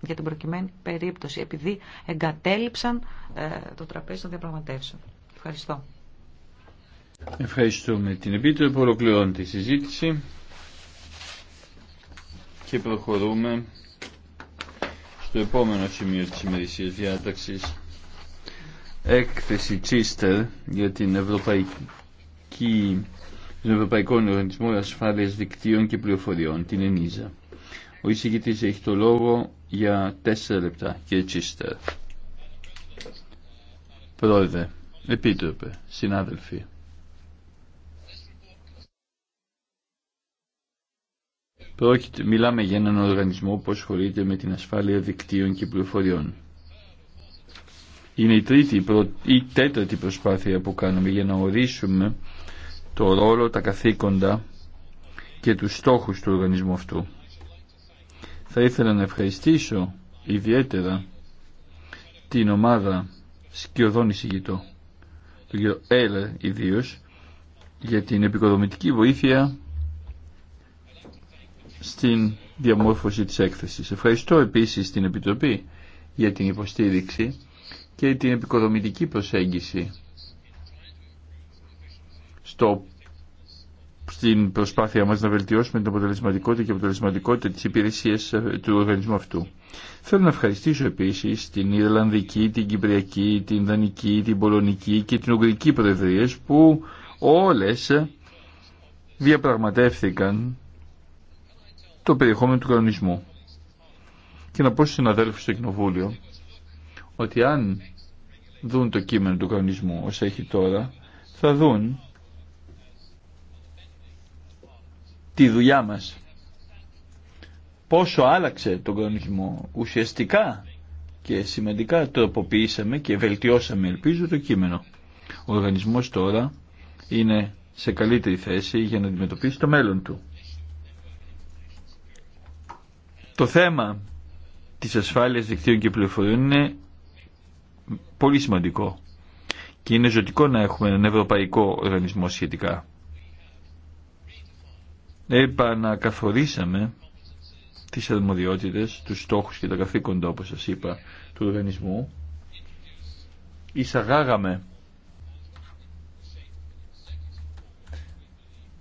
για την προκειμένη περίπτωση επειδή εγκατέλειψαν ε, το τραπέζι των διαπραγματεύσεων. Ευχαριστώ. Ευχαριστούμε την Επίτροπο. Ολοκληρώνεται τη συζήτηση και προχωρούμε στο επόμενο σημείο της ημερησίας διάταξης έκθεση Τσίστερ για την Ευρωπαϊκή τον Ευρωπαϊκό Οργανισμό Ασφάλειας Δικτύων και Πληροφοριών, την ΕΝΙΖΑ. Ο εισηγητής έχει το λόγο για τέσσερα λεπτά. Κύριε Τσίστερ. Πρόεδρε, επίτροπε, συνάδελφοι. Πρόκειται, μιλάμε για έναν οργανισμό που ασχολείται με την ασφάλεια δικτύων και πληροφοριών. Είναι η τρίτη ή τέταρτη προσπάθεια που κάνουμε για να ορίσουμε το ρόλο, τα καθήκοντα και τους στόχους του οργανισμού αυτού. Θα ήθελα να ευχαριστήσω ιδιαίτερα την ομάδα σκιωδών εισηγητών, τον κύριο Έλερ ιδίω, για την επικοδομητική βοήθεια στην διαμόρφωση της έκθεσης. Ευχαριστώ επίσης την Επιτροπή για την υποστήριξη και την επικοδομητική προσέγγιση στο την προσπάθειά μας να βελτιώσουμε την αποτελεσματικότητα και αποτελεσματικότητα της υπηρεσίας ε, του οργανισμού αυτού. Θέλω να ευχαριστήσω επίσης την Ιρλανδική, την Κυπριακή, την Δανική, την Πολωνική και την Ουγγρική Προεδρίες που όλες διαπραγματεύθηκαν το περιεχόμενο του κανονισμού. Και να πω στους συναδέλφους στο Κοινοβούλιο ότι αν δουν το κείμενο του κανονισμού όσο έχει τώρα, θα δουν τη δουλειά μας. Πόσο άλλαξε τον κανονισμό. Ουσιαστικά και σημαντικά τροποποιήσαμε και βελτιώσαμε ελπίζω το κείμενο. Ο οργανισμός τώρα είναι σε καλύτερη θέση για να αντιμετωπίσει το μέλλον του. Το θέμα της ασφάλειας δικτύων και πληροφοριών είναι πολύ σημαντικό και είναι ζωτικό να έχουμε έναν ευρωπαϊκό οργανισμό σχετικά επανακαθορίσαμε τις αρμοδιότητες, τους στόχους και τα καθήκοντα, όπως σας είπα, του οργανισμού. Εισαγάγαμε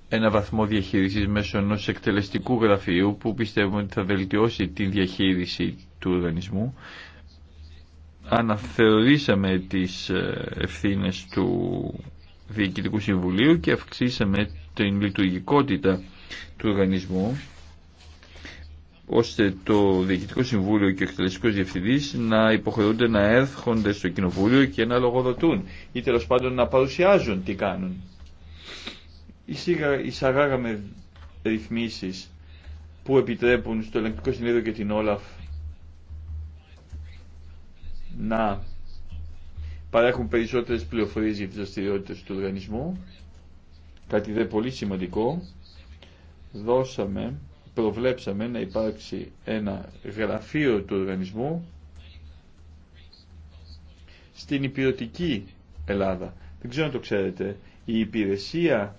ένα βαθμό διαχείρισης μέσω ενό εκτελεστικού γραφείου που πιστεύουμε ότι θα βελτιώσει τη διαχείριση του οργανισμού. Αναθεωρήσαμε τις ε, ευθύνες του Διοικητικού Συμβουλίου και αυξήσαμε την λειτουργικότητα του οργανισμού ώστε το Διοικητικό Συμβούλιο και ο Εκτελεστικό Διευθυντή να υποχρεούνται να έρχονται στο Κοινοβούλιο και να λογοδοτούν ή τέλο πάντων να παρουσιάζουν τι κάνουν. Εισαγάγαμε ρυθμίσει που επιτρέπουν στο Ελεγκτικό Συνέδριο και την Όλαφ να παρέχουν περισσότερες πληροφορίες για τις δραστηριότητε του οργανισμού, κάτι δε πολύ σημαντικό, δώσαμε, προβλέψαμε να υπάρξει ένα γραφείο του οργανισμού στην υπηρετική Ελλάδα. Δεν ξέρω αν το ξέρετε, η υπηρεσία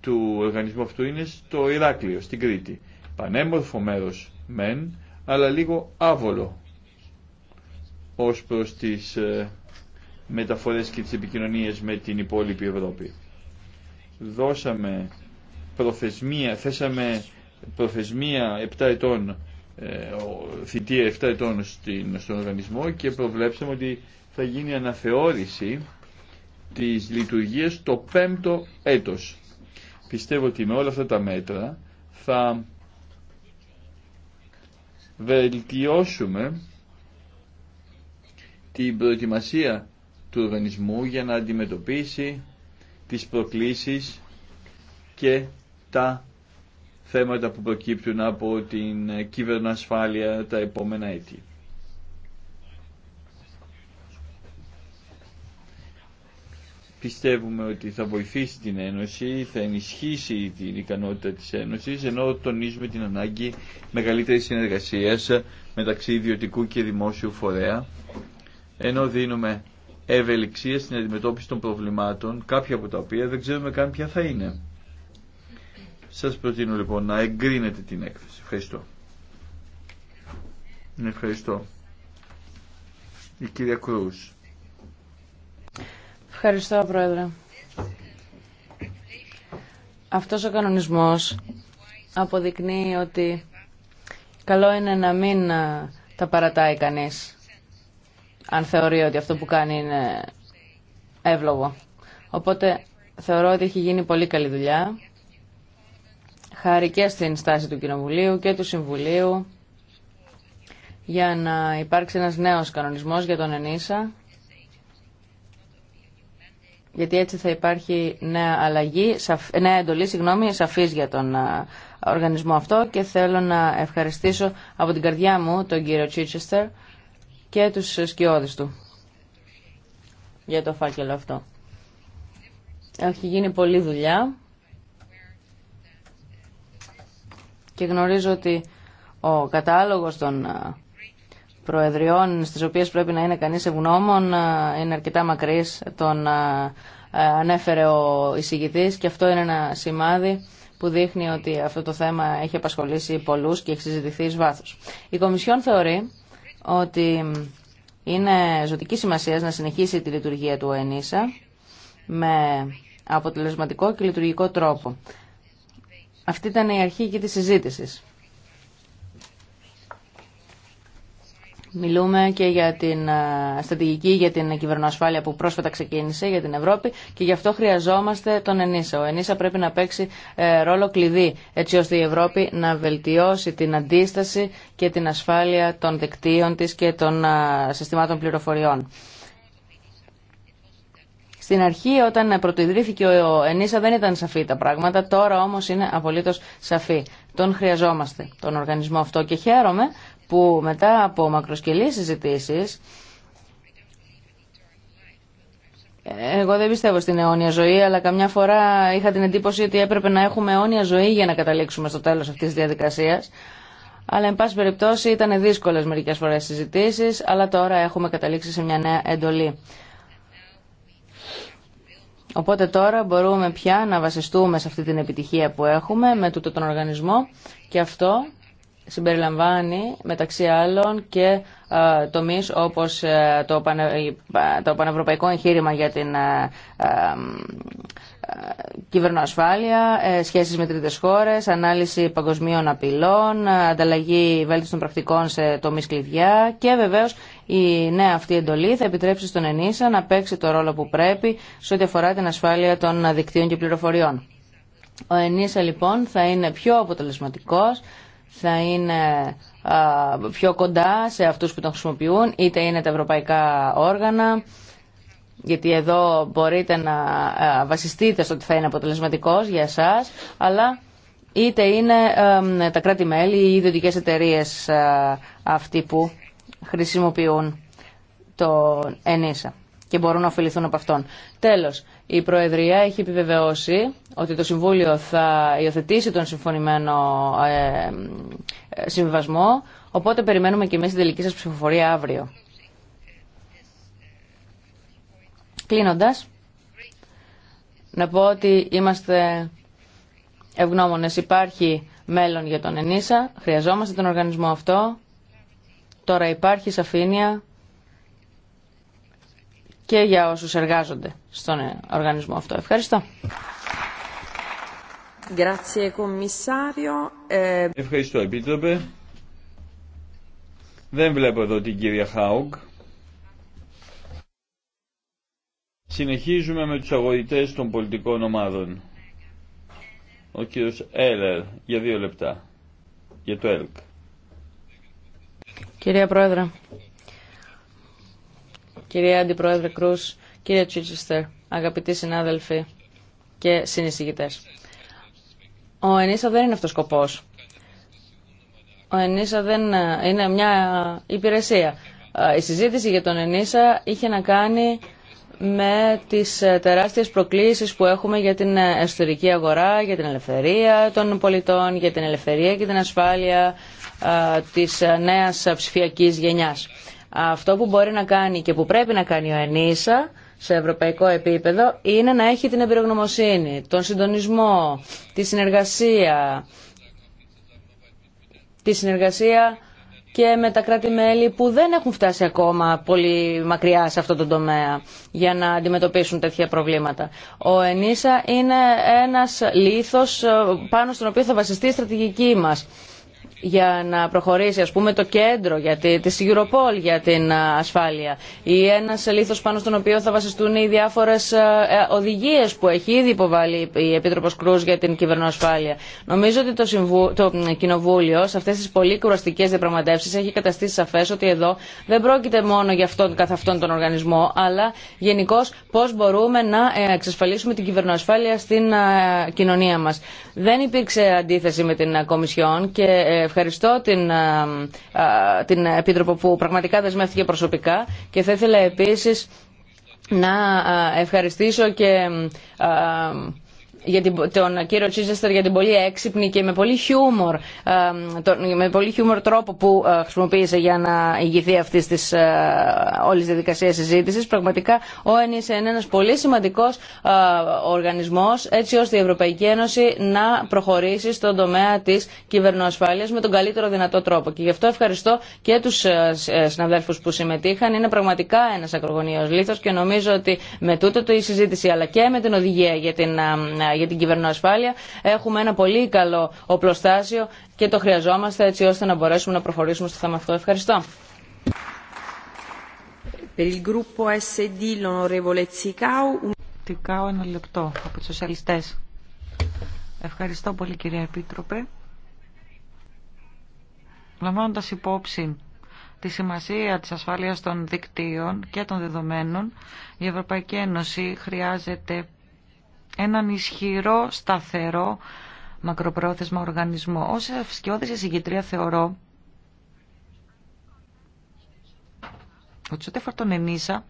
του οργανισμού αυτού είναι στο Ηράκλειο, στην Κρήτη. Πανέμορφο μέρος μεν, αλλά λίγο άβολο ως προς τις ε, μεταφορές και τις επικοινωνίες με την υπόλοιπη Ευρώπη. Δώσαμε προθεσμία, θέσαμε προθεσμία 7 ετών, ε, θητεία 7 ετών στον οργανισμό και προβλέψαμε ότι θα γίνει αναθεώρηση της λειτουργίας το 5ο έτος. Πιστεύω ότι με όλα αυτά τα μέτρα θα βελτιώσουμε την προετοιμασία του οργανισμού για να αντιμετωπίσει τις προκλήσεις και τα θέματα που προκύπτουν από την κυβερνοασφάλεια τα επόμενα έτη. Πιστεύουμε ότι θα βοηθήσει την Ένωση, θα ενισχύσει την ικανότητα της Ένωσης, ενώ τονίζουμε την ανάγκη μεγαλύτερης συνεργασίας μεταξύ ιδιωτικού και δημόσιου φορέα, ενώ δίνουμε ευελιξία στην αντιμετώπιση των προβλημάτων, κάποια από τα οποία δεν ξέρουμε καν ποια θα είναι. Σας προτείνω λοιπόν να εγκρίνετε την έκθεση. Ευχαριστώ. Ευχαριστώ. Η κυρία Κρούς. Ευχαριστώ, Πρόεδρε. Αυτός ο κανονισμός αποδεικνύει ότι καλό είναι να μην τα παρατάει κανείς αν θεωρεί ότι αυτό που κάνει είναι εύλογο. Οπότε θεωρώ ότι έχει γίνει πολύ καλή δουλειά χάρη και στην στάση του Κοινοβουλίου και του Συμβουλίου για να υπάρξει ένας νέος κανονισμός για τον ΕΝΙΣΑ γιατί έτσι θα υπάρχει νέα, αλλαγή, νέα εντολή, συγγνώμη, σαφής για τον οργανισμό αυτό και θέλω να ευχαριστήσω από την καρδιά μου τον κύριο Τσίτσεστερ και τους σκιώδεις του για το φάκελο αυτό. Έχει γίνει πολλή δουλειά και γνωρίζω ότι ο κατάλογος των προεδριών στις οποίες πρέπει να είναι κανείς ευγνώμων είναι αρκετά μακρύς τον ανέφερε ο εισηγητής και αυτό είναι ένα σημάδι που δείχνει ότι αυτό το θέμα έχει απασχολήσει πολλούς και έχει συζητηθεί εις βάθος. Η Κομισιόν θεωρεί ότι είναι ζωτική σημασία να συνεχίσει τη λειτουργία του ΟΕΝΗΣΑ με αποτελεσματικό και λειτουργικό τρόπο. Αυτή ήταν η αρχή και της συζήτηση. Μιλούμε και για την στρατηγική για την κυβερνοασφάλεια που πρόσφατα ξεκίνησε για την Ευρώπη και γι' αυτό χρειαζόμαστε τον ΕΝΙΣΑ. Ο ΕΝΙΣΑ πρέπει να παίξει ε, ρόλο κλειδί έτσι ώστε η Ευρώπη να βελτιώσει την αντίσταση και την ασφάλεια των δικτύων της και των συστημάτων πληροφοριών. Στην αρχή όταν πρωτοειδρύθηκε ο ΕΝΙΣΑ δεν ήταν σαφή τα πράγματα, τώρα όμως είναι απολύτως σαφή. Τον χρειαζόμαστε, τον οργανισμό αυτό και χαίρομαι που μετά από μακροσκελείς συζητήσει. εγώ δεν πιστεύω στην αιώνια ζωή, αλλά καμιά φορά είχα την εντύπωση ότι έπρεπε να έχουμε αιώνια ζωή για να καταλήξουμε στο τέλος αυτής της διαδικασίας. Αλλά, εν πάση περιπτώσει, ήταν δύσκολε μερικέ φορέ συζητήσει, αλλά τώρα έχουμε καταλήξει σε μια νέα εντολή. Οπότε τώρα μπορούμε πια να βασιστούμε σε αυτή την επιτυχία που έχουμε με τούτο τον οργανισμό και αυτό συμπεριλαμβάνει μεταξύ άλλων και ε, τομείς όπως ε, το, το πανευρωπαϊκό εγχείρημα για την ε, ε, κυβερνοασφάλεια, σχέσεις με τρίτες χώρες, ανάλυση παγκοσμίων απειλών, ανταλλαγή βέλτιστων πρακτικών σε τομείς κλειδιά και βεβαίως η νέα αυτή εντολή θα επιτρέψει στον ΕΝΗΣΑ να παίξει το ρόλο που πρέπει σε ό,τι αφορά την ασφάλεια των δικτύων και πληροφοριών. Ο ΕΝΗΣΑ λοιπόν θα είναι πιο αποτελεσματικός, θα είναι πιο κοντά σε αυτούς που τον χρησιμοποιούν, είτε είναι τα ευρωπαϊκά όργανα, γιατί εδώ μπορείτε να βασιστείτε στο ότι θα είναι αποτελεσματικός για εσάς, αλλά είτε είναι τα κράτη-μέλη ή οι ιδιωτικές εταιρείες αυτοί που χρησιμοποιούν τον ΕΝΙΣΑ και μπορούν να ωφεληθούν από αυτόν. Τέλος, η Προεδρία έχει επιβεβαιώσει ότι το Συμβούλιο θα υιοθετήσει τον συμφωνημένο ε, ε, συμβιβασμό, οπότε περιμένουμε και εμείς την τελική σας ψηφοφορία αύριο. Κλείνοντας, να πω ότι είμαστε ευγνώμονες. Υπάρχει μέλλον για τον ΕΝΙΣΑ, χρειαζόμαστε τον οργανισμό αυτό Τώρα υπάρχει σαφήνεια και για όσους εργάζονται στον οργανισμό αυτό. Ευχαριστώ. Ε, Ευχαριστώ, Επίτροπε. Δεν βλέπω εδώ την κυρία Χάουγκ. Συνεχίζουμε με τους αγωγητές των πολιτικών ομάδων. Ο κύριος Έλερ για δύο λεπτά. Για το ΕΛΚ. Κυρία Πρόεδρε, κυρία Αντιπρόεδρε Κρούς, κύριε Τσίτσιστερ, αγαπητοί συνάδελφοι και συνεισηγητές. Ο ΕΝΙΣΑ δεν είναι αυτός ο σκοπός. Ο ΕΝΙΣΑ δεν ε, είναι μια υπηρεσία. Ε, η συζήτηση για τον ΕΝΙΣΑ είχε να κάνει με τις ε, τεράστιες προκλήσεις που έχουμε για την εσωτερική αγορά, για την ελευθερία των πολιτών, για την ελευθερία και την ασφάλεια, της νέας ψηφιακής γενιάς. Αυτό που μπορεί να κάνει και που πρέπει να κάνει ο ΕΝΙΣΑ σε ευρωπαϊκό επίπεδο είναι να έχει την εμπειρογνωμοσύνη, τον συντονισμό, τη συνεργασία, τη συνεργασία και με τα κράτη-μέλη που δεν έχουν φτάσει ακόμα πολύ μακριά σε αυτό το τομέα για να αντιμετωπίσουν τέτοια προβλήματα. Ο ΕΝΙΣΑ είναι ένας λίθος ε, πάνω στον οποίο θα βασιστεί η στρατηγική μας για να προχωρήσει ας πούμε το κέντρο για τη, της Europol για την ασφάλεια ή ένας λίθος πάνω στον οποίο θα βασιστούν οι διάφορες ε, οδηγίες που έχει ήδη υποβάλει η Επίτροπος Κρούς για την κυβερνοασφάλεια. Νομίζω ότι το, Συμβου... Κοινοβούλιο σε αυτές τις πολύ κουραστικές διαπραγματεύσεις έχει καταστήσει σαφές ότι εδώ δεν πρόκειται μόνο για αυτόν καθ' αυτόν τον οργανισμό αλλά γενικώ πώς μπορούμε να ε, εξασφαλίσουμε την κυβερνοασφάλεια στην κοινωνία μας. Δεν υπήρξε αντίθεση με την Κομισιόν και ε, ευχαριστώ την, ε, ε, την Επίτροπο που πραγματικά δεσμεύτηκε προσωπικά και θα ήθελα επίσης να ε, ευχαριστήσω και για την, τον κύριο Τσίζεστερ για την πολύ έξυπνη και με πολύ χιούμορ, με πολύ χιούμορ τρόπο που ε, χρησιμοποίησε για να ηγηθεί αυτή τη ε, όλη διαδικασία συζήτηση. Πραγματικά ο ΕΝΙΣ είναι ένα πολύ σημαντικό ε, οργανισμό έτσι ώστε η Ευρωπαϊκή Ένωση να προχωρήσει στον τομέα τη κυβερνοασφάλεια με τον καλύτερο δυνατό τρόπο. Και γι' αυτό ευχαριστώ και του συναδέλφου που συμμετείχαν. Είναι πραγματικά ένα ακρογωνίο λίθο και νομίζω ότι με τούτο η συζήτηση αλλά και με την οδηγία για την για την κυβερνοασφάλεια. Έχουμε ένα πολύ καλό οπλοστάσιο και το χρειαζόμαστε έτσι ώστε να μπορέσουμε να προχωρήσουμε στο θέμα αυτό. Ευχαριστώ. Τικάω ένα λεπτό από τους σοσιαλιστές. Ευχαριστώ πολύ κυρία Επίτροπε. Λαμβάνοντα υπόψη τη σημασία της ασφάλειας των δικτύων και των δεδομένων, η Ευρωπαϊκή Ένωση χρειάζεται έναν ισχυρό, σταθερό, μακροπρόθεσμα οργανισμό. Ως η εισηγητρία θεωρώ ότι σε ό,τι αφορά τον Ενίσα,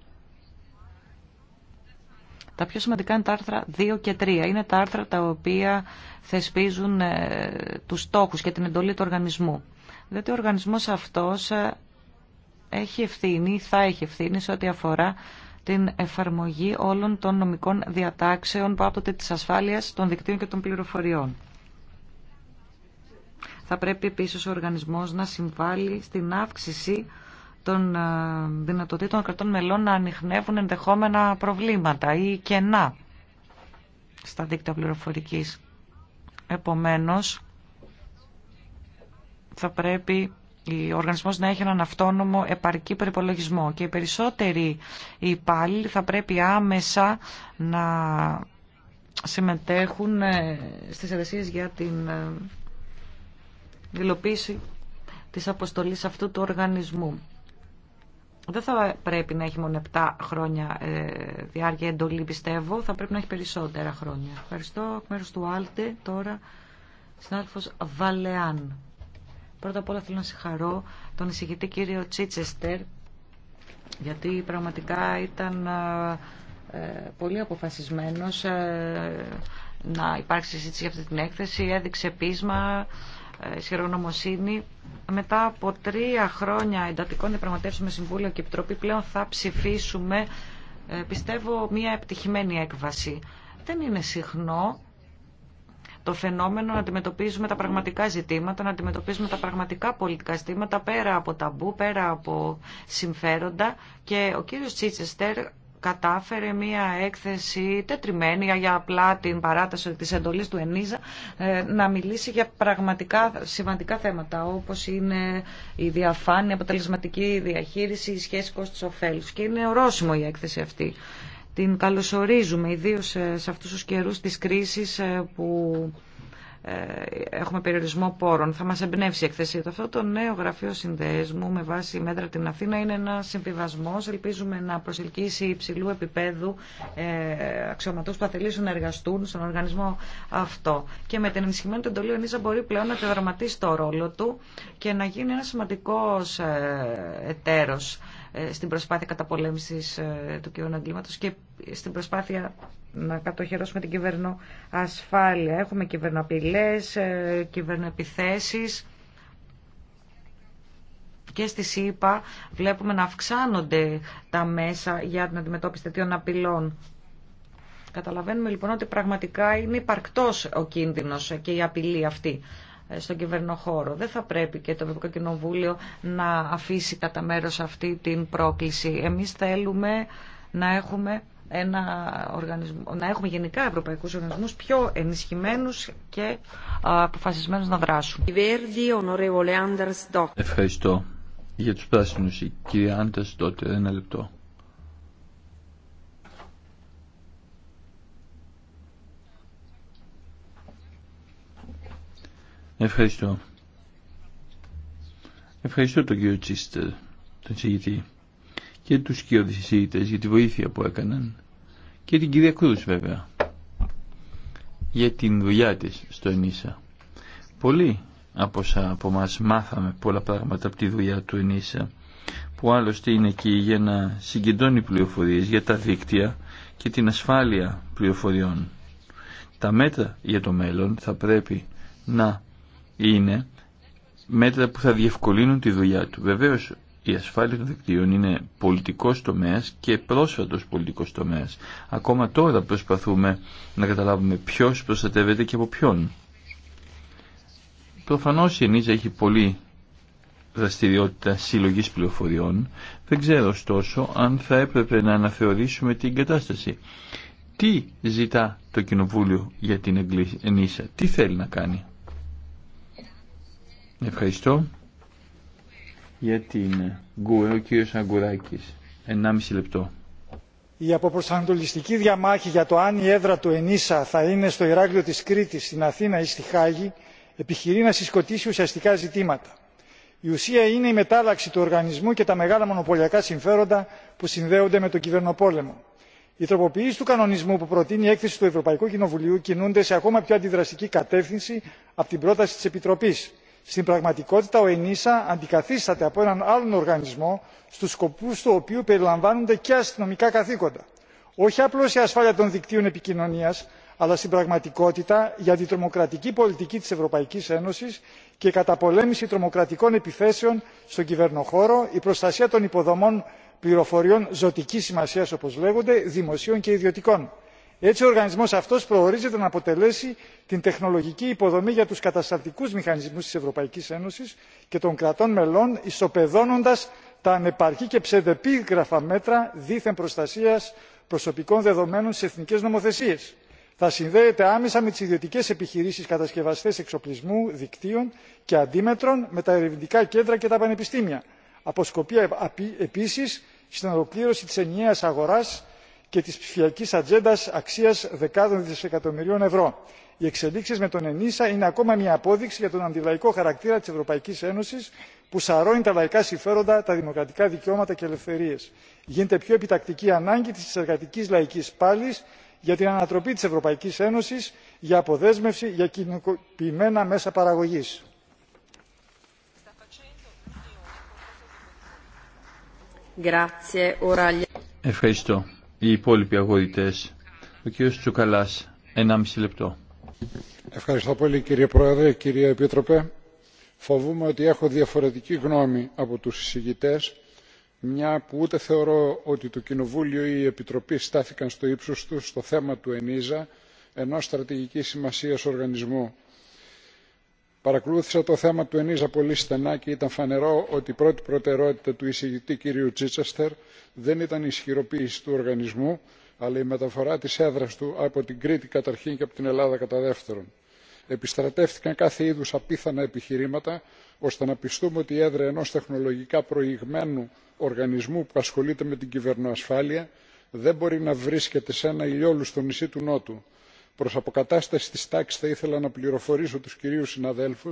τα πιο σημαντικά είναι τα άρθρα 2 και 3. Είναι τα άρθρα τα οποία θεσπίζουν ε, τους στόχους και την εντολή του οργανισμού. Διότι ο οργανισμός αυτός ε, έχει ευθύνη, θα έχει ευθύνη σε ό,τι αφορά την εφαρμογή όλων των νομικών διατάξεων που άπτονται της ασφάλειας των δικτύων και των πληροφοριών. Θα πρέπει επίσης ο οργανισμός να συμβάλλει στην αύξηση των ε, δυνατοτήτων κρατών μελών να ανοιχνεύουν ενδεχόμενα προβλήματα ή κενά στα δίκτυα πληροφορικής. Επομένως, θα πρέπει ο οργανισμός να έχει έναν αυτόνομο επαρκή προπολογισμό και οι περισσότεροι υπάλληλοι θα πρέπει άμεσα να συμμετέχουν ε, στις εργασίες για την ε, υλοποίηση της αποστολής αυτού του οργανισμού. Δεν θα πρέπει να έχει μόνο 7 χρόνια ε, διάρκεια εντολή, πιστεύω. Θα πρέπει να έχει περισσότερα χρόνια. Ευχαριστώ. Εκ του Άλτε, τώρα, συνάδελφος Βαλεάν. Πρώτα απ' όλα θέλω να συγχαρώ τον εισηγητή κύριο Τσίτσεστερ, γιατί πραγματικά ήταν ε, ε, πολύ αποφασισμένος ε, να υπάρξει συζήτηση για αυτή την έκθεση, έδειξε πείσμα, ισχυρογνωμοσύνη. Μετά από τρία χρόνια εντατικών διαπραγματεύσεων με Συμβούλιο και Επιτροπή πλέον θα ψηφίσουμε, πιστεύω, μια επιτυχημένη έκβαση. Δεν είναι συχνό το φαινόμενο, να αντιμετωπίζουμε τα πραγματικά ζητήματα, να αντιμετωπίζουμε τα πραγματικά πολιτικά ζητήματα πέρα από ταμπού, πέρα από συμφέροντα. Και ο κύριος Τσίτσεστερ κατάφερε μία έκθεση τετριμένη για απλά την παράταση της εντολής του ΕΝΙΖΑ ε, να μιλήσει για πραγματικά σημαντικά θέματα όπως είναι η διαφάνεια, η αποτελεσματική διαχείριση, η σχέση κόστος-οφέλους και είναι ορόσημο η έκθεση αυτή την καλωσορίζουμε, ιδίως ε, σε αυτούς τους καιρούς της κρίσης ε, που ε, έχουμε περιορισμό πόρων. Θα μας εμπνεύσει η εκθεσία του. Αυτό το νέο γραφείο συνδέσμου με βάση μέτρα την Αθήνα είναι ένα συμβιβασμό. Ελπίζουμε να προσελκύσει υψηλού επίπεδου ε, που θα να εργαστούν στον οργανισμό αυτό. Και με την ενισχυμένη του εντολή ο Νίσα μπορεί πλέον να τεδραματίσει το ρόλο του και να γίνει ένα σημαντικός εταίρος ε, στην προσπάθεια καταπολέμησης ε, του κοινωνικού και στην προσπάθεια να κατοχυρώσουμε την κυβερνοασφάλεια. Έχουμε κυβερνοαπειλές, ε, κυβερνοεπιθέσεις και στη ΣΥΠΑ βλέπουμε να αυξάνονται τα μέσα για την αντιμετώπιση τέτοιων απειλών. Καταλαβαίνουμε λοιπόν ότι πραγματικά είναι υπαρκτός ο κίνδυνος και η απειλή αυτή. Ε, στον κυβερνοχώρο. Δεν θα πρέπει και το Ευρωπαϊκό Κοινοβούλιο να αφήσει κατά μέρο αυτή την πρόκληση. Εμείς θέλουμε να έχουμε ένα οργανισμό, να έχουμε γενικά ευρωπαϊκούς οργανισμούς πιο ενισχυμένους και αποφασισμένους να δράσουν. Ευχαριστώ. Για τους πράσινους, η κυρία Άντας, τότε ένα λεπτό. Ευχαριστώ. Ευχαριστώ τον κύριο Τσίστερ, τον συγητή, και τους κύριους συγητές για τη βοήθεια που έκαναν και την κυρία Κρούς βέβαια για την δουλειά της στο ΕΝΙΣΑ. Πολλοί από, από μας μάθαμε πολλά πράγματα από τη δουλειά του ΕΝΙΣΑ που άλλωστε είναι εκεί για να συγκεντώνει πληροφορίες για τα δίκτυα και την ασφάλεια πληροφοριών. Τα μέτρα για το μέλλον θα πρέπει να είναι μέτρα που θα διευκολύνουν τη δουλειά του. Βεβαίω η ασφάλεια των δικτύων είναι πολιτικό τομέα και πρόσφατο πολιτικό τομέα. Ακόμα τώρα προσπαθούμε να καταλάβουμε ποιο προστατεύεται και από ποιον. Προφανώ η Ενίζα έχει πολύ δραστηριότητα συλλογή πληροφοριών. Δεν ξέρω ωστόσο αν θα έπρεπε να αναθεωρήσουμε την κατάσταση. Τι ζητά το Κοινοβούλιο για την Ενίσα, τι θέλει να κάνει. Ευχαριστώ την Γκουε, ο Αγκουράκης. 1,5 λεπτό. Η αποπροσανατολιστική διαμάχη για το αν η έδρα του ΕΝΙΣΑ θα είναι στο Ηράκλειο της Κρήτης, στην Αθήνα ή στη Χάγη επιχειρεί να συσκοτήσει ουσιαστικά ζητήματα. Η ουσία είναι η μετάλλαξη του οργανισμού και τα μεγάλα μονοπωλιακά συμφέροντα που συνδέονται με τον κυβερνοπόλεμο. Οι τροποποιήσει του κανονισμού που προτείνει η έκθεση του Ευρωπαϊκού Κοινοβουλίου κινούνται σε ακόμα πιο αντιδραστική κατεύθυνση από την πρόταση τη Επιτροπή στην πραγματικότητα ο ενisa αντικαθίσταται από έναν άλλον οργανισμό στους σκοπούς του οποίου περιλαμβάνονται και αστυνομικά καθήκοντα όχι απλώς η ασφάλεια των δικτύων επικοινωνίας αλλά στην πραγματικότητα η αντιτρομοκρατική πολιτική της ευρωπαϊκής ένωσης και η καταπολέμηση τρομοκρατικών επιθέσεων στον κυβερνοχώρο η προστασία των υποδομών πληροφοριών ζωτικής σημασίας όπως λέγονται δημοσίων και ιδιωτικών έτσι ο οργανισμός αυτός προορίζεται να αποτελέσει την τεχνολογική υποδομή για τους κατασταλτικούς μηχανισμούς της ευρωπαϊκής ένωσης και των κρατών μελών ισοπεδώνοντας τα ανεπαρκή και ψευδεπίγραφα μέτρα δίθεν προστασίας προσωπικών δεδομένων στις εθνικές νομοθεσίες. θα συνδέεται άμεσα με τις ιδιωτικές επιχειρήσεις κατασκευαστές εξοπλισμού δικτύων και αντίμετρων με τα ερευνητικά κέντρα και τα πανεπιστήμια. αποσκοπεί επίσης στην ολοκλήρωση της ενιαίας αγοράς και της ψηφιακής ατζέντα αξίας δεκάδων δισεκατομμυρίων ευρώ. οι εξελίξεις με τον ενίσα είναι ακόμα μια απόδειξη για τον αντιλαϊκό χαρακτήρα της ευρωπαϊκής ένωσης που σαρώνει τα λαϊκά συμφέροντα τα δημοκρατικά δικαιώματα και ελευθερίες. γίνεται πιο επιτακτική ανάγκη της εργατικής λαϊκής πάλης για την ανατροπή της ευρωπαϊκής ένωσης για αποδέσμευση για κοινωνικοποιημένα μέσα παραγωγής. Ευχαριστώ οι υπόλοιποι Ο Τσουκαλάς, 1,5 λεπτό. Ευχαριστώ πολύ κύριε Πρόεδρε, κύριε Επίτροπε. Φοβούμαι ότι έχω διαφορετική γνώμη από τους συζητητές, μια που ούτε θεωρώ ότι το Κοινοβούλιο ή η Επιτροπή στάθηκαν στο ύψος του στο θέμα του ΕΝΙΖΑ, ενός στρατηγικής σημασίας οργανισμού παρακολούθησα το θέμα του ενίζα πολύ στενά και ήταν φανερό ότι η πρώτη προτεραιότητα του εισηγητή κ. Τσίτσεστερ δεν ήταν η ισχυροποίηση του οργανισμού αλλά η μεταφορά της έδρας του από την κρήτη καταρχήν και από την ελλάδα κατά δεύτερον. επιστρατεύτηκαν κάθε είδους απίθανα επιχειρήματα ώστε να πιστούμε ότι η έδρα ενός τεχνολογικά προηγμένου οργανισμού που ασχολείται με την κυβερνοασφάλεια δεν μπορεί να βρίσκεται σε ένα ηλιόλουστο νησί του νότου προς αποκατάσταση τη τάξη θα ήθελα να πληροφορήσω του κύριου συναδέλφου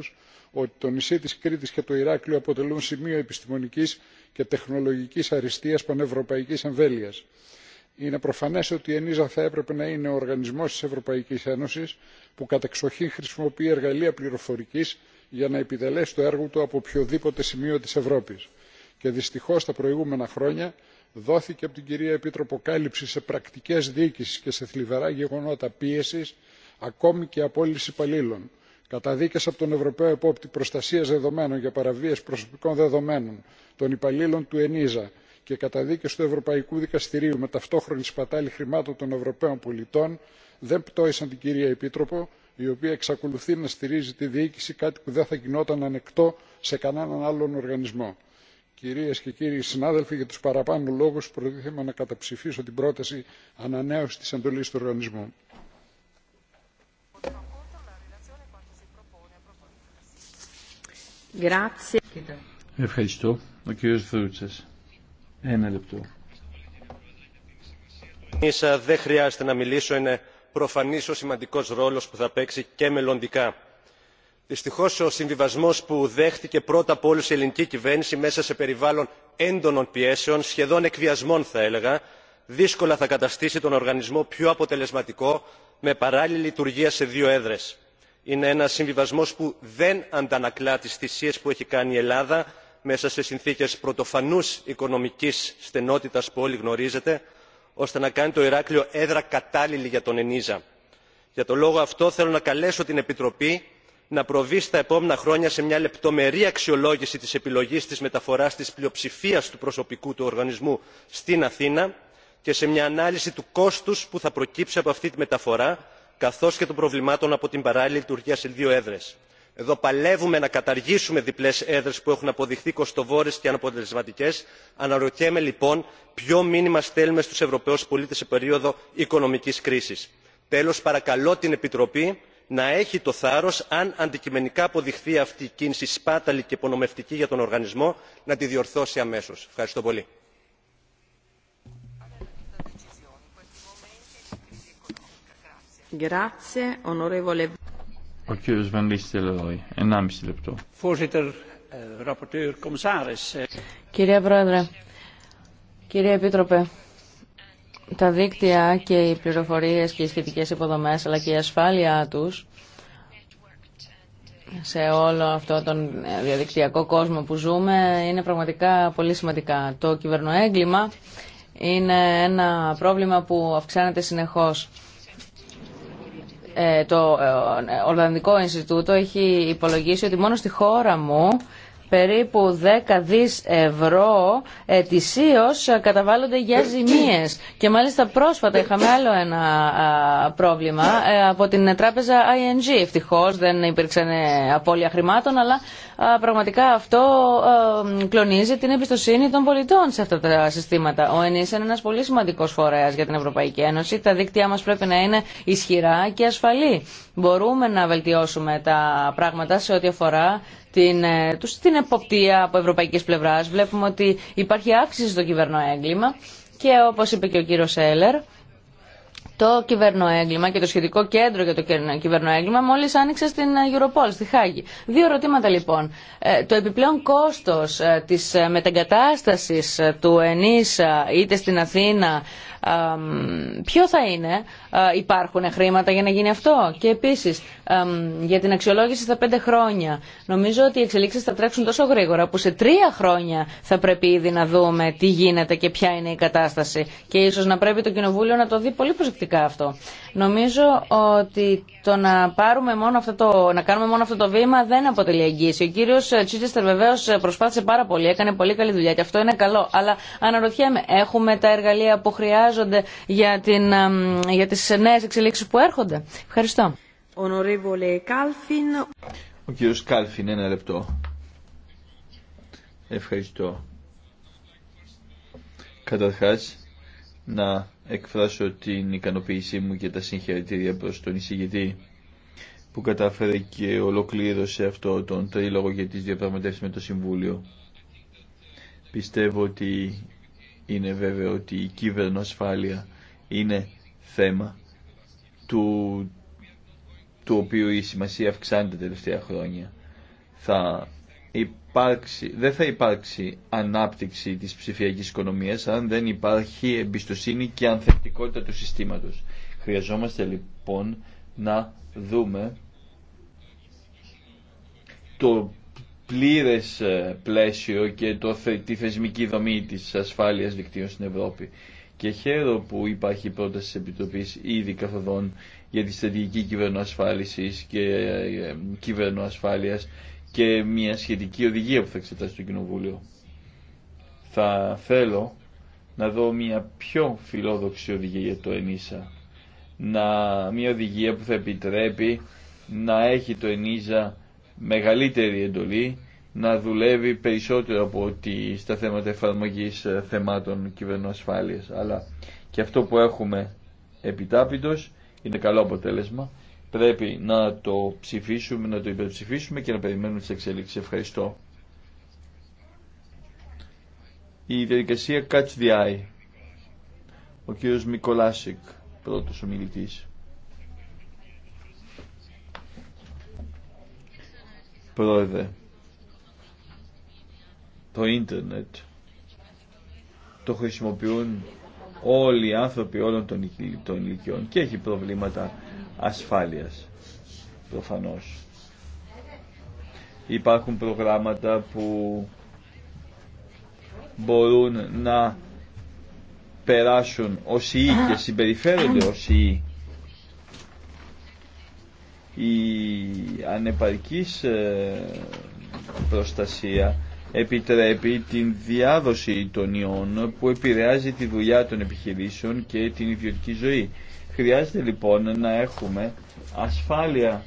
ότι το νησί τη Κρήτη και το ηράκλειο αποτελούν σημείο επιστημονική και τεχνολογικής αριστεία πανευρωπαϊκής εμβέλεια. είναι προφανέ ότι η ενίζα θα έπρεπε να είναι ο οργανισμό τη Ευρωπαϊκή Ένωση που εξοχήν χρησιμοποιεί εργαλεία πληροφορική για να επιτελέσει το έργο του από οποιοδήποτε σημείο τη Ευρώπη. και δυστυχώς τα προηγούμενα χρόνια δόθηκε από την κυρία επίτροπο κάλυψη σε πρακτικέ διοίκηση και σε θλιβερά γεγονότα πίεση, ακόμη και απόλυση υπαλλήλων Καταδίκε από τον ευρωπαίο επόπτη Προστασία δεδομένων για παραβίες προσωπικών δεδομένων των υπαλλήλων του Ενίζα και καταδίκε του ευρωπαϊκού δικαστηρίου με ταυτόχρονη σπατάλη χρημάτων των ευρωπαίων πολιτών δεν πτώησαν την κυρία επίτροπο η οποία εξακολουθεί να στηρίζει τη διοίκηση κάτι που δεν θα γινόταν ανεκτό σε κανέναν άλλον οργανισμό. Κυρίες και κύριοι συνάδελφοι, για τους παραπάνω λόγους προτίθεμαι να καταψηφίσω την πρόταση ανανέωσης της εντολής του οργανισμού. Ευχαριστώ. Ο κύριος Βρούτσας. Ένα λεπτό. Δεν χρειάζεται να μιλήσω. Είναι προφανής ο σημαντικός ρόλος που θα παίξει και μελλοντικά δυστυχώ ο συμβιβασμό που δέχτηκε πρώτα απ' όλου η ελληνική κυβέρνηση μέσα σε περιβάλλον έντονων πιέσεων σχεδόν εκβιασμών θα έλεγα δύσκολα θα καταστήσει τον οργανισμό πιο αποτελεσματικό με παράλληλη λειτουργία σε δύο έδρε. είναι ένα συμβιβασμό που δεν αντανακλά τι θυσίε που έχει κάνει η ελλάδα μέσα σε συνθήκε πρωτοφανού οικονομική στενότητα που όλοι γνωρίζετε ώστε να κάνει το ηράκλειο έδρα κατάλληλη για τον ενίζα. για τον λόγο αυτό θέλω να καλέσω την επιτροπή να προβεί στα επόμενα χρόνια σε μια λεπτομερή αξιολόγηση της επιλογής της μεταφοράς της πλειοψηφίας του προσωπικού του οργανισμού στην αθήνα και σε μια ανάλυση του κόστους που θα προκύψει από αυτή τη μεταφορά καθώς και των προβλημάτων από την παράλληλη λειτουργία σε δύο έδρες. εδώ παλεύουμε να καταργήσουμε διπλές έδρες που έχουν αποδειχθεί κοστοβόρες και αναποτελεσματικές. αναρωτιέμαι λοιπόν ποιο μήνυμα στέλνουμε στους ευρωπαίους πολίτες σε περίοδο οικονομικής κρίσης. τέλος παρακαλώ την επιτροπή να έχει το θάρρος αν αντικειμενικά αποδειχθεί αυτή η κίνηση σπάταλη και υπονομευτική για τον οργανισμό να τη διορθώσει αμέσως. ευχαριστώ πολύ. Ο Κύριε ε. Πρόεδρε, κύριε Επίτροπε, τα δίκτυα και οι πληροφορίες και οι σχετικές υποδομές αλλά και η ασφάλειά τους σε όλο αυτό τον διαδικτυακό κόσμο που ζούμε είναι πραγματικά πολύ σημαντικά. Το κυβερνοέγκλημα είναι ένα πρόβλημα που αυξάνεται συνεχώς. Ε, το ε, ε, Ολλανδικό Ινστιτούτο έχει υπολογίσει ότι μόνο στη χώρα μου περίπου 10 δις ευρώ ετησίως καταβάλλονται για ζημίες. Και μάλιστα πρόσφατα είχαμε άλλο ένα πρόβλημα ε, από την τράπεζα ING. Ευτυχώς δεν υπήρξαν ε, απώλεια χρημάτων, αλλά πραγματικά αυτό κλονίζει την εμπιστοσύνη των πολιτών σε αυτά τα συστήματα. Ο ΕΝΙΣ είναι ένα πολύ σημαντικό φορέα για την Ευρωπαϊκή Ένωση. Τα δίκτυά μα πρέπει να είναι ισχυρά και ασφαλή. Μπορούμε να βελτιώσουμε τα πράγματα σε ό,τι αφορά την, ε, την εποπτεία από ευρωπαϊκή πλευρά. Βλέπουμε ότι υπάρχει αύξηση στο κυβερνό έγκλημα και όπω είπε και ο κύριο Έλερ, το κυβερνοέγκλημα και το σχετικό κέντρο για το κυβερνοέγκλημα μόλι άνοιξε στην ε, Europol, στη Χάγη. Δύο ερωτήματα λοιπόν. Ε, το επιπλέον κόστο ε, τη μεταγκατάσταση του ΕΝΗΣΑ είτε στην Αθήνα ποιο θα είναι, υπάρχουν χρήματα για να γίνει αυτό. Και επίση, για την αξιολόγηση στα πέντε χρόνια. Νομίζω ότι οι εξελίξει θα τρέξουν τόσο γρήγορα που σε τρία χρόνια θα πρέπει ήδη να δούμε τι γίνεται και ποια είναι η κατάσταση. Και ίσω να πρέπει το Κοινοβούλιο να το δει πολύ προσεκτικά αυτό. Νομίζω ότι το να, πάρουμε μόνο αυτό το, να κάνουμε μόνο αυτό το βήμα δεν αποτελεί εγγύηση. Ο κύριο Τσίτσεστερ βεβαίω προσπάθησε πάρα πολύ, έκανε πολύ καλή δουλειά και αυτό είναι καλό. Αλλά αναρωτιέμαι, έχουμε τα εργαλεία που χρειάζονται για, την, για τις νέες εξελίξεις που έρχονται. Ευχαριστώ. Ο κύριος Κάλφιν, ένα λεπτό. Ευχαριστώ. Καταρχάς, να εκφράσω την ικανοποίησή μου και τα συγχαρητήρια προς τον εισηγητή που κατάφερε και ολοκλήρωσε αυτό τον τρίλογο για τις διαπραγματεύσεις με το Συμβούλιο. Πιστεύω ότι είναι βέβαιο ότι η κυβερνοσφάλεια είναι θέμα του, του οποίου η σημασία αυξάνεται τελευταία χρόνια. Θα υπάρξει, δεν θα υπάρξει ανάπτυξη της ψηφιακής οικονομίας αν δεν υπάρχει εμπιστοσύνη και ανθεκτικότητα του συστήματος. Χρειαζόμαστε λοιπόν να δούμε το πλήρες ε, πλαίσιο και το, τη θεσμική δομή της ασφάλειας δικτύων στην Ευρώπη. Και χαίρο που υπάρχει πρόταση της Επιτροπής ήδη καθοδόν για τη στρατηγική κυβερνοασφάλισης και ε, ε, κυβερνοασφάλειας και μια σχετική οδηγία που θα εξετάσει το Κοινοβούλιο. Θα θέλω να δω μια πιο φιλόδοξη οδηγία για το ΕΝΙΣΑ. Να, μια οδηγία που θα επιτρέπει να έχει το ΕΝΙΖΑ μεγαλύτερη εντολή να δουλεύει περισσότερο από ότι στα θέματα εφαρμογής ε, θεμάτων κυβερνοασφάλειας. Αλλά και αυτό που έχουμε επιτάπητος είναι καλό αποτέλεσμα. Πρέπει να το ψηφίσουμε, να το υπερψηφίσουμε και να περιμένουμε τις εξέλιξεις. Ευχαριστώ. Η διαδικασία Catch the Eye. Ο κύριος Μικολάσικ, πρώτος ομιλητής. Πρόεδρε, το ίντερνετ το χρησιμοποιούν όλοι οι άνθρωποι όλων των, των ηλικιών και έχει προβλήματα ασφάλειας προφανώς. Υπάρχουν προγράμματα που μπορούν να περάσουν ως και συμπεριφέρονται ως η ανεπαρκής ε, προστασία επιτρέπει την διάδοση των ιών που επηρεάζει τη δουλειά των επιχειρήσεων και την ιδιωτική ζωή. Χρειάζεται λοιπόν να έχουμε ασφάλεια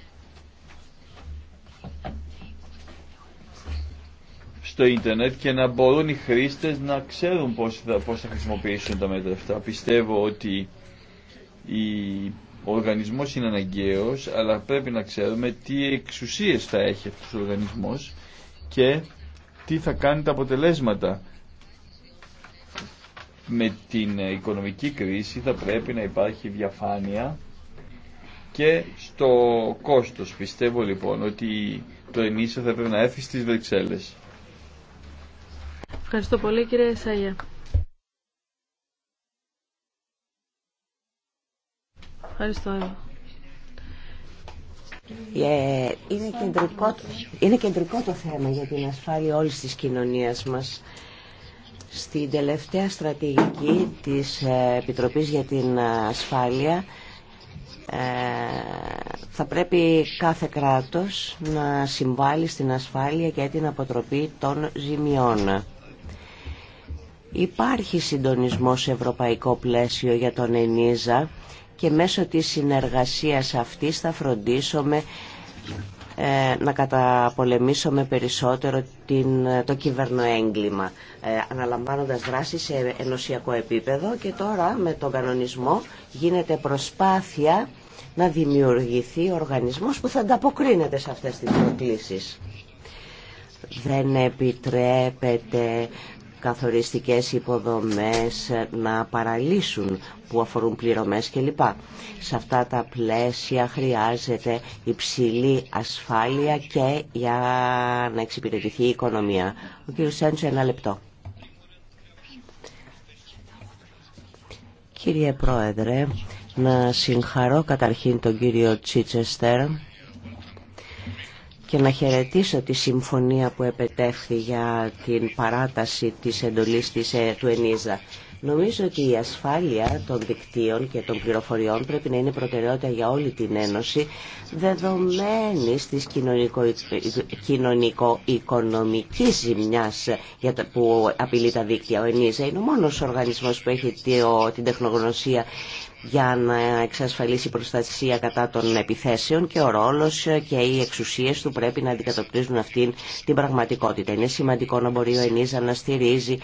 στο ίντερνετ και να μπορούν οι χρήστες να ξέρουν πώς θα, χρησιμοποιήσουν τα μέτρα αυτά. Πιστεύω ότι η ο οργανισμός είναι αναγκαίος, αλλά πρέπει να ξέρουμε τι εξουσίες θα έχει αυτός ο οργανισμός και τι θα κάνει τα αποτελέσματα. Με την οικονομική κρίση θα πρέπει να υπάρχει διαφάνεια και στο κόστος. Πιστεύω λοιπόν ότι το ενίσχυο θα πρέπει να έρθει στις Βρυξέλλες. Ευχαριστώ πολύ κύριε Ευχαριστώ. Yeah. Ε, είναι, κεντρικό, είναι κεντρικό το θέμα για την ασφάλεια όλης της κοινωνίας μας. Στην τελευταία στρατηγική της ε, Επιτροπής για την Ασφάλεια ε, θα πρέπει κάθε κράτος να συμβάλλει στην ασφάλεια και την αποτροπή των ζημιών. Υπάρχει συντονισμό σε ευρωπαϊκό πλαίσιο για τον ΕΝΙΖΑ και μέσω της συνεργασίας αυτής θα φροντίσουμε ε, να καταπολεμήσουμε περισσότερο την, το κυβερνοέγκλημα ε, αναλαμβάνοντας δράση σε ενωσιακό επίπεδο και τώρα με τον κανονισμό γίνεται προσπάθεια να δημιουργηθεί οργανισμός που θα ανταποκρίνεται σε αυτές τις προκλήσεις. Δεν επιτρέπεται καθοριστικές υποδομές ε, να παραλύσουν που αφορούν πληρωμές κλπ. Σε αυτά τα πλαίσια χρειάζεται υψηλή ασφάλεια και για να εξυπηρετηθεί η οικονομία. Ο κ. Σέντσο, ένα λεπτό. Κύριε Πρόεδρε, να συγχαρώ καταρχήν τον κύριο Τσίτσεστερ και να χαιρετήσω τη συμφωνία που επετεύχθη για την παράταση της εντολής της, ε, του ΕΝΙΖΑ. Νομίζω ότι η ασφάλεια των δικτύων και των πληροφοριών πρέπει να είναι προτεραιότητα για όλη την Ένωση, δεδομένη της κοινωνικο οικονομική ζημιάς που απειλεί τα δίκτυα. Ο ΕΝΙΖΑ είναι ο μόνος οργανισμός που έχει την τεχνογνωσία για να εξασφαλίσει προστασία κατά των επιθέσεων και ο ρόλος και οι εξουσίες του πρέπει να αντικατοπτρίζουν αυτήν την πραγματικότητα. Είναι σημαντικό να μπορεί ο ΕΝΙΖΑ να στηρίζει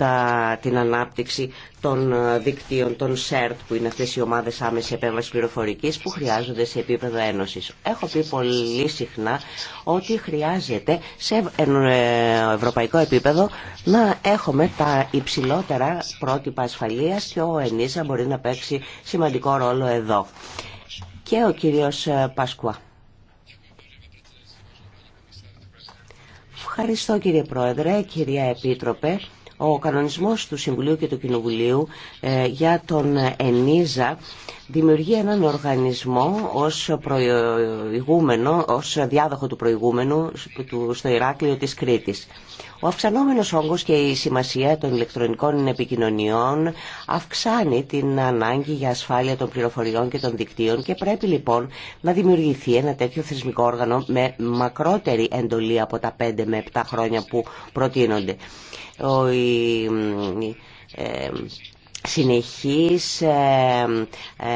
τα, την ανάπτυξη των ε, δικτύων, των ΣΕΡΤ, που είναι αυτές οι ομάδες άμεση επέμβαση πληροφορικής που χρειάζονται σε επίπεδο ένωσης. Έχω πει πολύ συχνά ότι χρειάζεται σε ε, ευρωπαϊκό επίπεδο να έχουμε τα υψηλότερα πρότυπα ασφαλείας και ο ΕΝΙΖΑ μπορεί να παίξει σημαντικό ρόλο εδώ. Και ο κύριος ε, Πασκουά. Ευχαριστώ κύριε Πρόεδρε, κυρία Επίτροπε. Ο κανονισμός του Συμβουλίου και του Κοινοβουλίου ε, για τον ΕΝΙΖΑ δημιουργεί έναν οργανισμό ως προηγούμενο, ως διάδοχο του προηγούμενου στο Ηράκλειο της Κρήτης. Ο αυξανόμενο όγκο και η σημασία των ηλεκτρονικών επικοινωνιών αυξάνει την ανάγκη για ασφάλεια των πληροφοριών και των δικτύων και πρέπει λοιπόν να δημιουργηθεί ένα τέτοιο θεσμικό όργανο με μακρότερη εντολή από τα 5 με 7 χρόνια που προτείνονται. Ο, ε, συνεχείς ε, ε,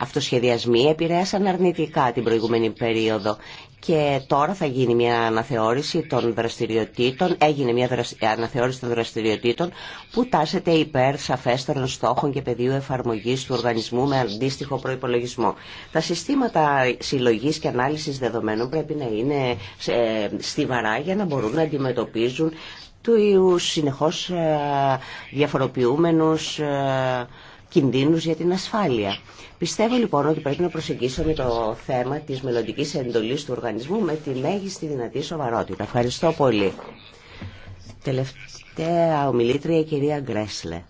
αυτοσχεδιασμοί επηρέασαν αρνητικά την προηγούμενη περίοδο και τώρα θα γίνει μια αναθεώρηση των δραστηριοτήτων, έγινε μια αναθεώρηση των δραστηριοτήτων που τάσεται υπέρ σαφέστερων στόχων και πεδίου εφαρμογής του οργανισμού με αντίστοιχο προπολογισμό. Τα συστήματα συλλογής και ανάλυσης δεδομένων πρέπει να είναι στιβαρά για να μπορούν να αντιμετωπίζουν του συνεχώς ε, διαφοροποιούμενους ε, κινδύνους για την ασφάλεια. Πιστεύω λοιπόν ότι πρέπει να προσεγγίσουμε το θέμα της μελλοντική εντολής του οργανισμού με τη μέγιστη δυνατή σοβαρότητα. Ευχαριστώ πολύ. Τελευταία ομιλήτρια η κυρία Γκρέσλε.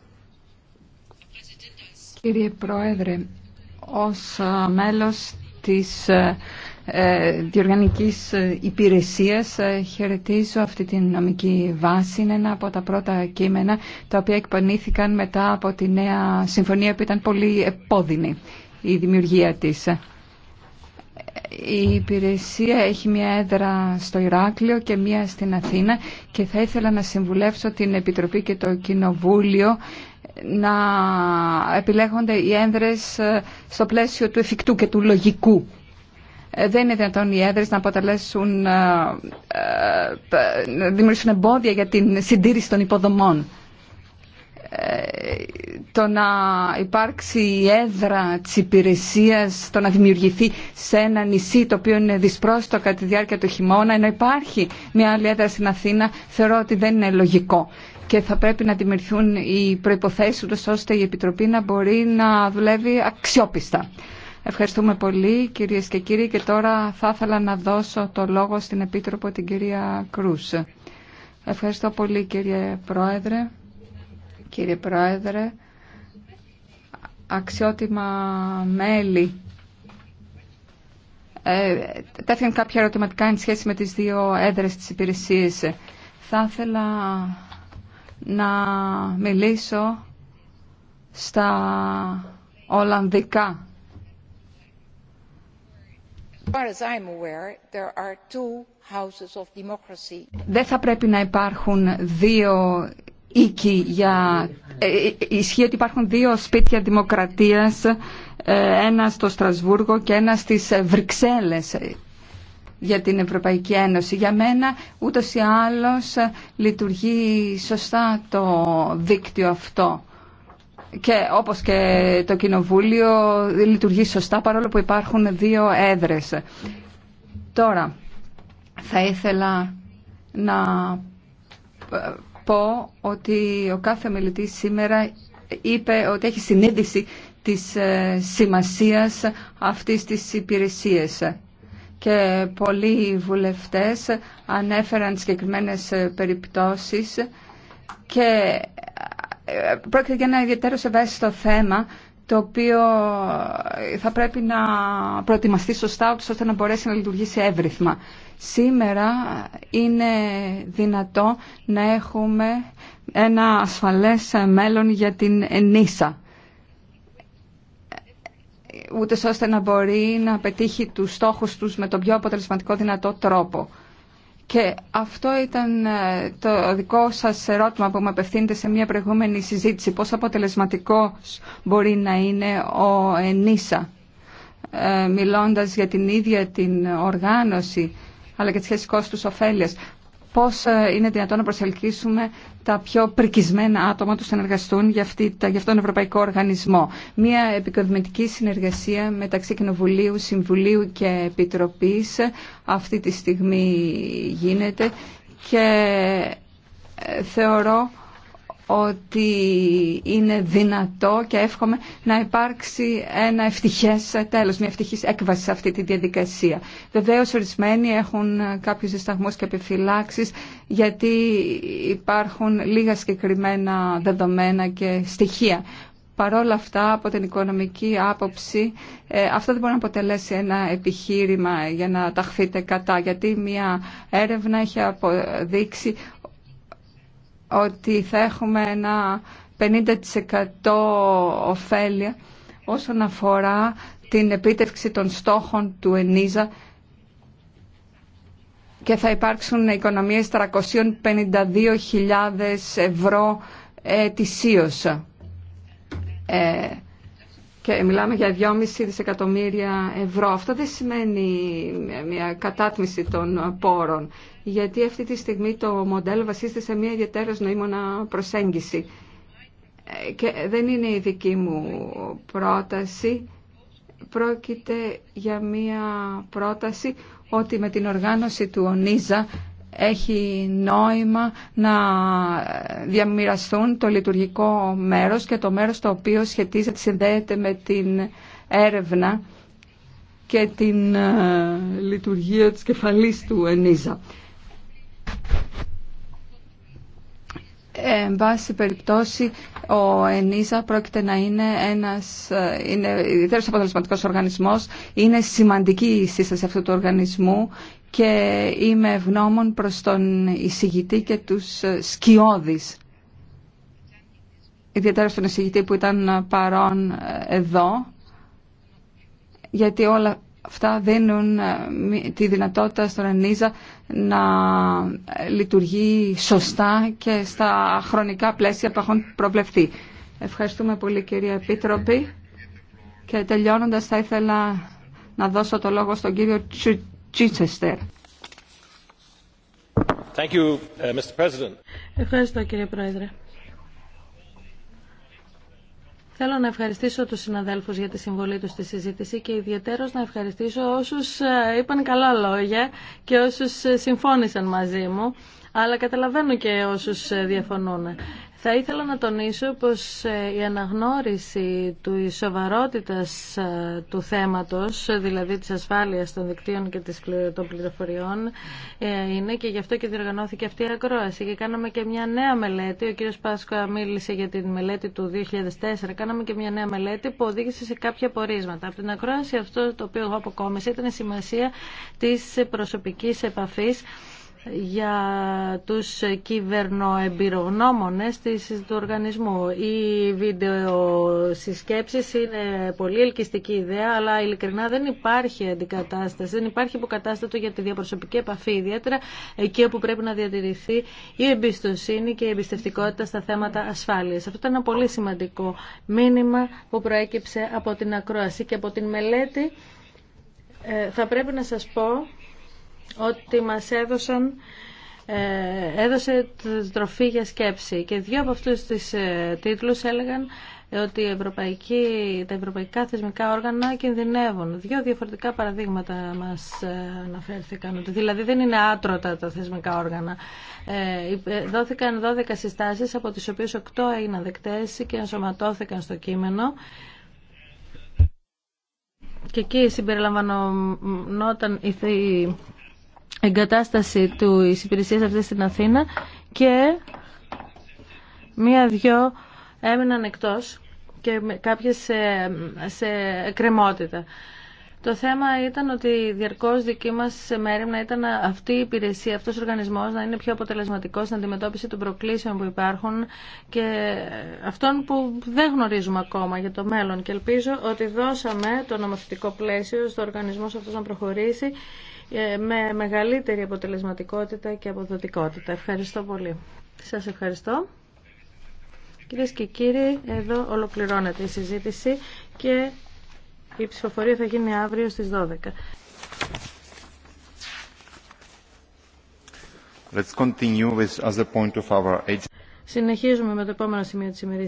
Κύριε Πρόεδρε, ως μέλος της ε, ε, διοργανικής ε, υπηρεσίας ε, χαιρετίζω αυτή την νομική βάση. Είναι ένα από τα πρώτα κείμενα τα οποία εκπονήθηκαν μετά από τη νέα συμφωνία που ήταν πολύ επώδυνη η δημιουργία της. Η υπηρεσία έχει μια έδρα στο Ηράκλειο και μια στην Αθήνα και θα ήθελα να συμβουλεύσω την Επιτροπή και το Κοινοβούλιο να επιλέγονται οι ένδρες στο πλαίσιο του εφικτού και του λογικού ε, δεν είναι δυνατόν οι έδρε να αποτελέσουν, να ε, ε, δημιουργήσουν εμπόδια για την συντήρηση των υποδομών. Το να υπάρξει η έδρα τη υπηρεσία, το να δημιουργηθεί σε ένα νησί το οποίο είναι δυσπρόστο κατά τη διάρκεια του χειμώνα, ενώ υπάρχει μια άλλη έδρα στην Αθήνα, θεωρώ ότι δεν είναι λογικό και θα πρέπει να δημιουργηθούν οι προποθέσει ώστε η Επιτροπή να μπορεί να δουλεύει αξιόπιστα. Ευχαριστούμε πολύ κυρίες και κύριοι και τώρα θα ήθελα να δώσω το λόγο στην Επίτροπο την κυρία Κρούς. Ευχαριστώ πολύ κύριε Πρόεδρε, κύριε Πρόεδρε, αξιότιμα μέλη. Ε, Τέθηκαν κάποια ερωτηματικά εν σχέση με τις δύο έδρες της υπηρεσίας. Θα ήθελα να μιλήσω στα Ολλανδικά δεν θα πρέπει να υπάρχουν δύο οίκοι για... Ε, ε, ισχύει ότι υπάρχουν δύο σπίτια δημοκρατίας, ε, ένα στο Στρασβούργο και ένα στις Βρυξέλλες για την Ευρωπαϊκή Ένωση. Για μένα ούτως ή άλλως λειτουργεί σωστά το δίκτυο αυτό και όπως και το Κοινοβούλιο λειτουργεί σωστά παρόλο που υπάρχουν δύο έδρες. Τώρα, θα ήθελα να πω ότι ο κάθε μελητής σήμερα είπε ότι έχει συνείδηση της ε, σημασίας αυτής της υπηρεσίας και πολλοί βουλευτές ανέφεραν συγκεκριμένες ε, περιπτώσεις και πρόκειται για ένα ιδιαίτερο ευαίσθητο θέμα το οποίο θα πρέπει να προετοιμαστεί σωστά ώστε να μπορέσει να λειτουργήσει εύρυθμα. Σήμερα είναι δυνατό να έχουμε ένα ασφαλές μέλλον για την ενίσα ούτε ώστε να μπορεί να πετύχει τους στόχους τους με τον πιο αποτελεσματικό δυνατό τρόπο. Και αυτό ήταν ε, το δικό σας ερώτημα που με απευθύνεται σε μια προηγούμενη συζήτηση. Πώς αποτελεσματικός μπορεί να είναι ο ΕΝΙΣΑ, ε, μιλώντας για την ίδια την οργάνωση, αλλά και τις σχέσεις κόστους ωφέλειας. Πώς ε, είναι δυνατόν να προσελκύσουμε τα πιο πρικισμένα άτομα του συνεργαστούν για, αυτή, για αυτόν τον Ευρωπαϊκό Οργανισμό. Μία επικοδημητική συνεργασία μεταξύ Κοινοβουλίου, Συμβουλίου και Επιτροπής αυτή τη στιγμή γίνεται και ε, θεωρώ ότι είναι δυνατό και εύχομαι να υπάρξει ένα ευτυχές τέλος, μια ευτυχής έκβαση σε αυτή τη διαδικασία. Βεβαίω ορισμένοι έχουν κάποιους δισταγμούς και επιφυλάξεις γιατί υπάρχουν λίγα συγκεκριμένα δεδομένα και στοιχεία. Παρόλα αυτά, από την οικονομική άποψη, ε, αυτό δεν μπορεί να αποτελέσει ένα επιχείρημα για να ταχθείτε κατά, γιατί μια έρευνα έχει αποδείξει ότι θα έχουμε ένα 50% ωφέλεια όσον αφορά την επίτευξη των στόχων του ΕΝΙΖΑ και θα υπάρξουν οικονομίες 352.000 ευρώ ετησίως. Ε, και μιλάμε για 2,5 δισεκατομμύρια ευρώ. Αυτό δεν σημαίνει μια κατάτμιση των πόρων γιατί αυτή τη στιγμή το μοντέλο βασίζεται σε μια ιδιαίτερως νοήμωνα προσέγγιση. Και δεν είναι η δική μου πρόταση. Πρόκειται για μια πρόταση ότι με την οργάνωση του ΟΝΙΖΑ έχει νόημα να διαμοιραστούν το λειτουργικό μέρος και το μέρος το οποίο σχετίζεται, συνδέεται με την έρευνα και την ε, λειτουργία της κεφαλής του ΕΝΙΖΑ. Ε, εν πάση περιπτώσει, ο ΕΝΙΖΑ πρόκειται να είναι ένας ε, είναι, ιδιαίτερος αποτελεσματικός οργανισμός. Είναι σημαντική η σύσταση αυτού του οργανισμού και είμαι ευγνώμων προς τον εισηγητή και τους ε, σκιώδεις. Ιδιαίτερα στον εισηγητή που ήταν παρόν εδώ, γιατί όλα αυτά δίνουν ε, τη δυνατότητα στον Ενίζα να λειτουργεί σωστά και στα χρονικά πλαίσια που έχουν προβλεφθεί. Ευχαριστούμε πολύ κυρία Επίτροπη και τελειώνοντας θα ήθελα να δώσω το λόγο στον κύριο Τσίτσεστερ. Uh, Ευχαριστώ κύριε Πρόεδρε. Θέλω να ευχαριστήσω τους συναδέλφους για τη συμβολή τους στη συζήτηση και ιδιαίτερως να ευχαριστήσω όσους ε, είπαν καλά λόγια και όσους ε, συμφώνησαν μαζί μου αλλά καταλαβαίνω και όσους ε, διαφωνούν. Θα ήθελα να τονίσω πως ε, η αναγνώριση του σοβαρότητας ε, του θέματος, ε, δηλαδή της ασφάλειας των δικτύων και των πληροφοριών, είναι και γι' αυτό και διοργανώθηκε αυτή η ακρόαση. Και κάναμε και μια νέα μελέτη, ο κύριος Πάσκο μίλησε για την μελέτη του 2004, κάναμε και μια νέα μελέτη που οδήγησε σε κάποια πορίσματα. Από την ακρόαση αυτό το οποίο εγώ αποκόμισα ήταν η σημασία της προσωπικής επαφής για τους κυβερνοεμπειρογνώμονες της, του οργανισμού. Οι βιντεοσυσκέψεις είναι πολύ ελκυστική ιδέα, αλλά ειλικρινά δεν υπάρχει αντικατάσταση, δεν υπάρχει υποκατάστατο για τη διαπροσωπική επαφή, ιδιαίτερα εκεί όπου πρέπει να διατηρηθεί η εμπιστοσύνη και η εμπιστευτικότητα στα θέματα ασφάλειας. Αυτό ήταν ένα πολύ σημαντικό μήνυμα που προέκυψε από την ακρόαση και από την μελέτη. Ε, θα πρέπει να σας πω ότι μας έδωσαν ε, έδωσε τροφή για σκέψη και δύο από αυτούς τις ε, τίτλους έλεγαν ότι η ευρωπαϊκή, τα ευρωπαϊκά θεσμικά όργανα κινδυνεύουν. Δύο διαφορετικά παραδείγματα μας ε, αναφέρθηκαν, ότι δηλαδή δεν είναι άτρωτα τα θεσμικά όργανα. δόθηκαν 12 συστάσεις, από τις οποίες 8 έγιναν δεκτές και ενσωματώθηκαν στο κείμενο. Και εκεί συμπεριλαμβανόταν η εγκατάσταση του υπηρεσία αυτή στην Αθήνα και μία-δυο έμειναν εκτός και κάποιες σε, σε κρεμότητα. Το θέμα ήταν ότι διαρκώ δική μα μέρημνα ήταν αυτή η υπηρεσία, αυτό ο οργανισμό να είναι πιο αποτελεσματικό στην αντιμετώπιση των προκλήσεων που υπάρχουν και αυτών που δεν γνωρίζουμε ακόμα για το μέλλον. Και ελπίζω ότι δώσαμε το νομοθετικό πλαίσιο στο οργανισμό αυτό να προχωρήσει ε, με μεγαλύτερη αποτελεσματικότητα και αποδοτικότητα. Ευχαριστώ πολύ. Σας ευχαριστώ. Κυρίες και κύριοι, εδώ ολοκληρώνεται η συζήτηση και η ψηφοφορία θα γίνει αύριο στις 12. Let's continue with point of our... Συνεχίζουμε με το επόμενο σημείο της ημερής.